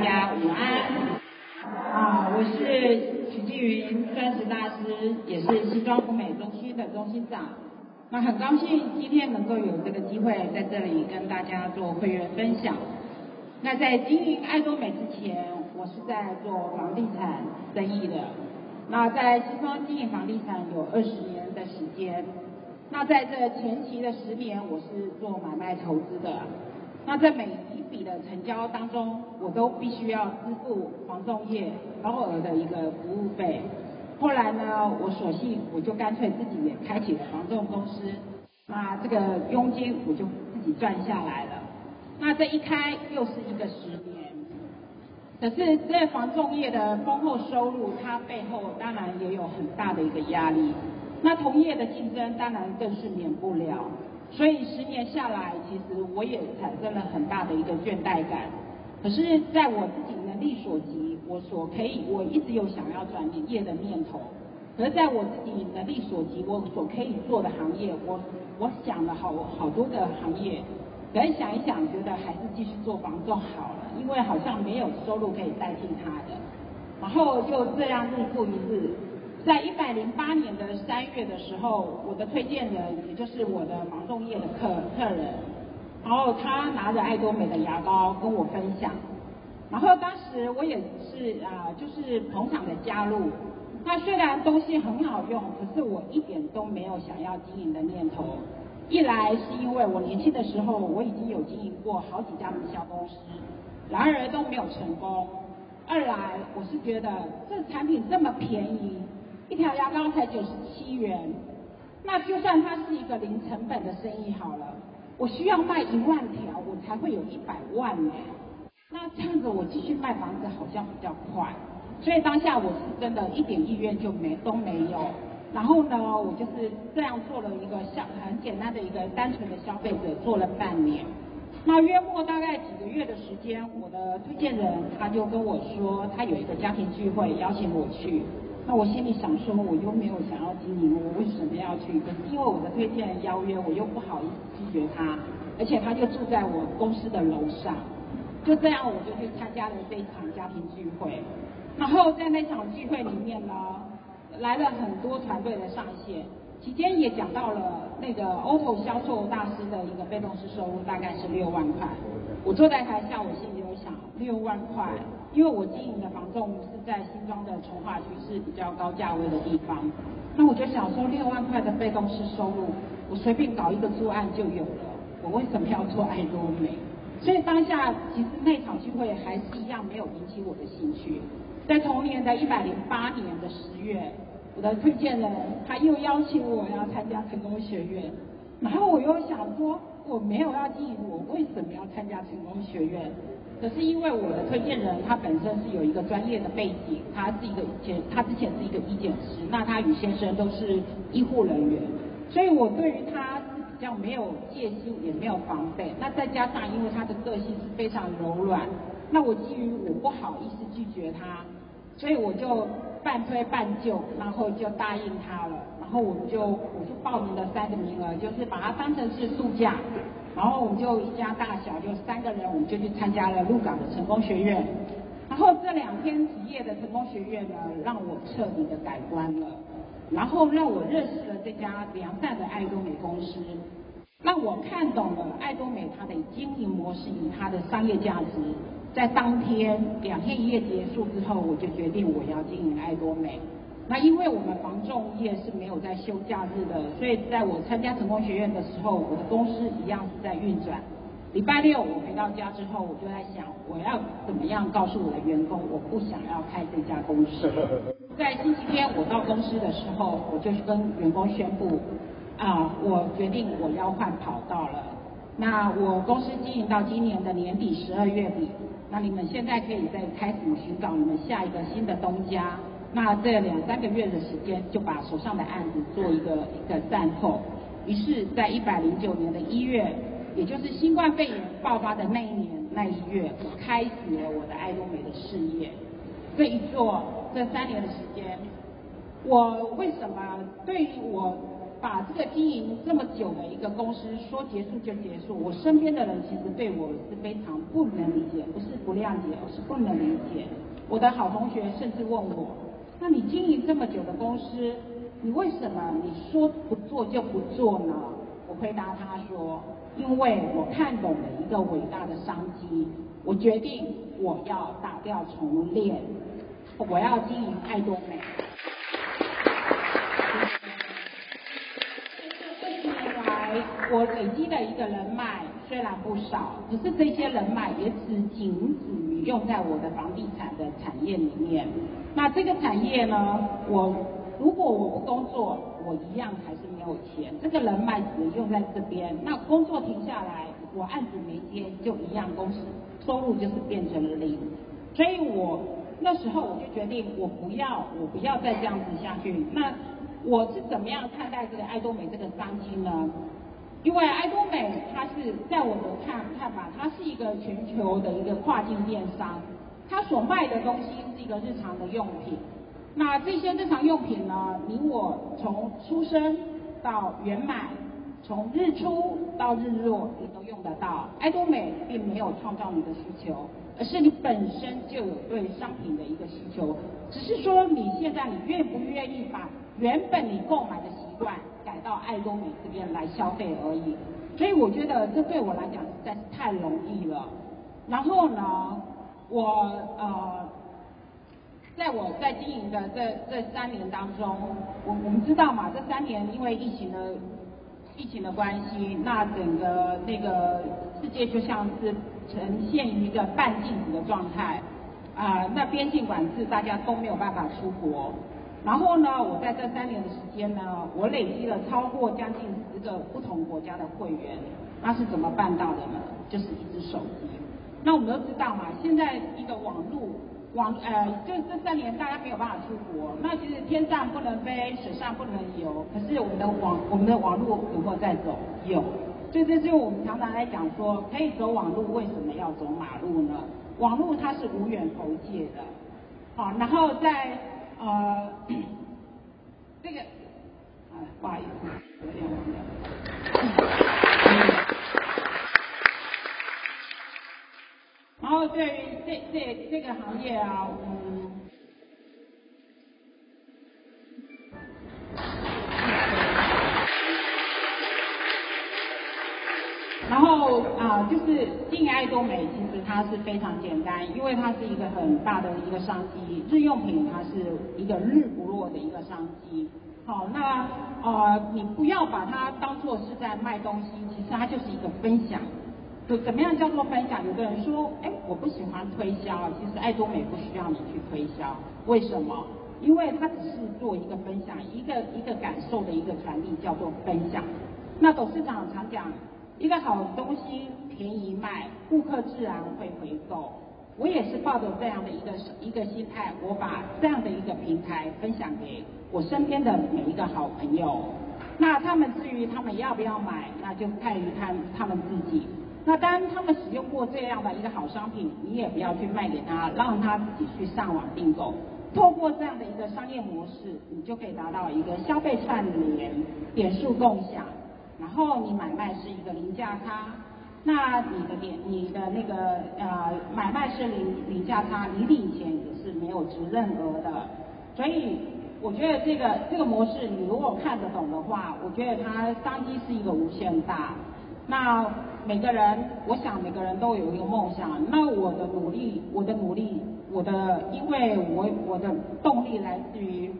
大家午安，啊，我是許瀞芸鑽石大師，也是西裝福美中心的中心長。那很高興今天能夠有這個機會在這裡跟大家做會員分享。那在經營愛多美之前，我是在做房地產生意的。那在西方經營房地產有二十年的時間。那在這前期的十年，我是做買賣投資的。那在每一筆的成交當中，我都必須要支付房仲業高額的一個服務費。後來呢，我索性我就乾脆自己也開啟了房仲公司，那這個佣金我就自己賺下來了。那這一開又是一個十年，可是這房仲業的豐厚收入，它背後當然也有很大的一個壓力。那同業的競爭當然更是免不了。所以十年下來，其實我也產生了很大的一個倦怠感。可是在我自己能力所及，我所可以，我一直有想要轉業的念頭。可是在我自己能力所及，我所可以做的行業，我我想了好好多個行業，可是想一想，覺得還是繼續做房仲好了，因為好像沒有收入可以代替他的。然後就這樣日復一日。在一百零八年的三月的時候，我的推薦人也就是我的芒動業的客客人，然後他拿着艾多美的牙膏跟我分享，然後當時我也是啊、呃，就是捧場的加入。那雖然東西很好用，可是我一點都沒有想要經營的念頭。一來是因為我年輕的時候我已經有經營過好幾家營銷公司，然而都沒有成功。二來我是覺得這產品這麼便宜。一條牙膏才九十七元，那就算它是一個零成本的生意好了，我需要賣一萬條，我才會有一百萬呢。那這樣子我繼續賣房子好像比較快，所以當下我是真的一點意願就沒都沒有。然後呢，我就是這樣做了一個消很簡單的一個單純的消費者，做了半年。那約莫大概幾個月的時間，我的推薦人他就跟我說，他有一個家庭聚會，邀請我去。那我心裡想說，我又沒有想要經營，我為什麼要去？因為我的推薦人邀約，我又不好意思拒絕他，而且他就住在我公司的樓上，就這樣我就去參加了這一場家庭聚會。然後在那場聚會裡面呢，來了很多團隊的上線，期間也講到了那個 OPPO 銷售大師的一個被動式收入大概是六萬塊。我坐在台下，我心裡有想，六萬塊。因為我經營的房仲是在新莊的重劃區，是比較高價位的地方。那我就想說，六萬塊的被動式收入，我隨便搞一個租案就有了。我為什麼要做艾多美？所以當下其實那場聚會還是一樣沒有引起我的興趣。在同年的一百零八年的十月，我的推薦人他又邀請我要參加成功學院。然後我又想說，我沒有要經營，我為什麼要參加成功學院？可是因為我的推薦人他本身是有一個專業的背景，他是一個以前，他之前是一個醫檢師，那他與先生都是醫護人員，所以我對於他比較沒有戒心，也沒有防備。那再加上因為他的個性是非常柔軟，那我基於我，我不好意思拒絕他。所以我就半推半就，然後就答應他了。然後我們就我就報名了三個名額，就是把它當成是度假。然後我們就一家大小就三個人，我們就去參加了鹿港的成功學院。然後這兩天幾夜的成功學院呢，讓我徹底的改觀了。然後讓我認識了這家良善的愛多美公司，讓我看懂了愛多美它的經營模式與它的商業價值。在當天兩天一夜結束之後，我就決定我要經營艾多美。那因為我們房仲業是沒有在休假日的，所以在我參加成功學院的時候，我的公司一樣是在運轉。禮拜六我回到家之後，我就在想我要怎麼樣告訴我的員工，我不想要開這家公司。在星期天我到公司的時候，我就去跟員工宣布啊，我決定我要換跑道了。那我公司經營到今年的年底十二月底，那你們現在可以再開始尋找你們下一個新的東家。那這兩三個月的時間就把手上的案子做一個一個善後。於是，在一百零九年的一月，也就是新冠肺炎爆發的那一年那一月，我開始了我的愛多美的事業。這一做這三年的時間，我為什麼對於我？把這個經營這麼久的一個公司說結束就結束，我身邊的人其實對我是非常不能理解，不是不諒解，而是不能理解。我的好同學甚至問我，那你經營這麼久的公司，你為什麼你說不做就不做呢？我回答他說，因為我看懂了一個偉大的商機，我決定我要打掉重練，我要經營愛多美。我累積的一個人脈雖然不少，只是這些人脈也只僅止於用在我的房地產的產業裡面。那這個產業呢，我如果我不工作，我一樣還是沒有錢。這個人脈只用在這邊。那工作停下來，我案子沒接就一樣，公司收入就是變成了零。所以我那時候我就決定，我不要，我不要再這樣子下去。那我是怎麼樣看待這個愛多美這個商機呢？因為艾多美，它是在我的看法，它是一個全球的一個跨境電商，它所賣的東西是一個日常的用品。那這些日常用品呢，你我從出生到圓滿，從日出到日落，你都用得到。艾多美並沒有創造你的需求，而是你本身就有對商品的一個需求，只是說你現在你願不願意把原本你購買的習慣。改到愛多美這邊來消費而已，所以我覺得這對我來講實在是太容易了。然後呢，我呃，在我在經營的這這三年當中，我我們知道嘛，這三年因為疫情的疫情的關係，那整個那個世界就像是呈現於一個半靜止的狀態啊、呃，那邊境管制，大家都沒有辦法出國。然後呢，我在這三年的時間呢，我累積了超過將近十個不同國家的會員，那是怎麼辦到的呢？就是一只手機。那我們都知道嘛，現在一個網路網，呃，就這三年大家沒有辦法出國，那其實天上不能飛，水上不能游，可是我們的網我們的網路有沒有在走？有。所以這就是我們常常在講說，可以走網路，為什麼要走馬路呢？網路它是無遠弗屆的，好，然後在。啊、呃，這個，不好意思，有點忘掉了，嗯，然後對於這這這個行業啊，嗯，嗯然後。啊，就是經營愛多美，其實它是非常簡單，因為它是一個很大的一個商機。日用品，它是一個日不落的一個商機。好，那呃，你不要把它當作是在賣東西，其實它就是一個分享。怎麼樣叫做分享？有的人說，哎、欸，我不喜歡推銷，其實愛多美不需要你去推銷。為什麼？因為它只是做一個分享，一個一個感受的一個傳遞，叫做分享。那董事長常講。一個好東西便宜賣，顧客自然會回購。我也是抱着這樣的一個一個心態，我把這樣的一個平台分享給我身邊的每一個好朋友。那他們至於他們要不要買，那就看一看他們自己。那當他們使用過這樣的一個好商品，你也不要去賣給他，讓他自己去上網訂購。透過這樣的一個商業模式，你就可以達到一個消費串聯、點數共享。然後你買賣是一個零價差，那你的點，你的那個呃買賣是零零價差，你以前也是沒有責任額的，所以我覺得這個這個模式你如果看得懂的話，我覺得它商機是一個無限大。那每個人，我想每個人都有一個夢想。那我的努力，我的努力，我的，因為我我的動力來自於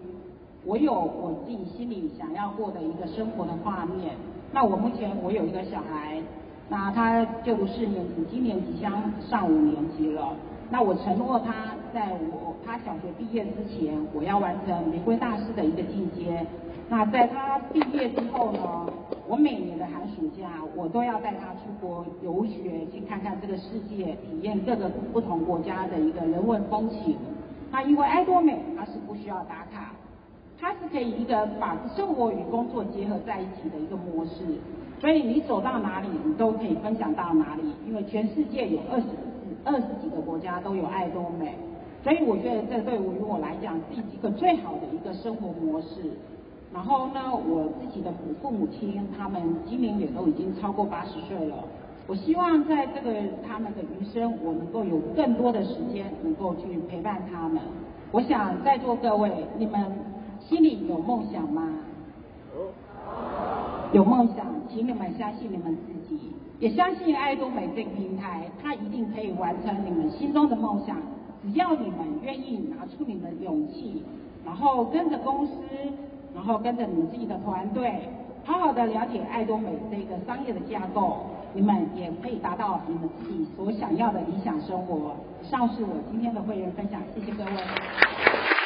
我有我自己心裡想要過的一個生活的畫面。那我目前我有一個小孩，那他就讀四年級，今年即將上五年級了。那我承諾他，在我他小學畢業之前，我要完成玫瑰大師的一個進階。那在他畢業之後呢，我每年的寒暑假，我都要帶他出國遊學，去看看這個世界，體驗各個不同國家的一個人文風情。那因為艾多美，它是不需要打卡，它是可以一個把生活與工作結合在一起的一個模式，所以你走到哪裡，你都可以分享到哪裡，因為全世界有二十幾二十幾個國家都有愛多美，所以我覺得這對我與我來講，是一個最好的一個生活模式。然後呢，我自己的父父母親，他們今年也都已經超過八十歲了，我希望在這個他們的餘生，我能夠有更多的時間能夠去陪伴他們。我想在座各位，你們。心裡有夢想嗎？有。有夢想，請你們相信你們自己，也相信愛多美這個平台，它一定可以完成你們心中的夢想。只要你們願意拿出你們勇氣，然後跟着公司，然後跟着你們自己的團隊，好好的了解愛多美這個商業的架構，你們也可以達到你們自己所想要的理想生活。以上是我今天的會員分享，謝謝各位。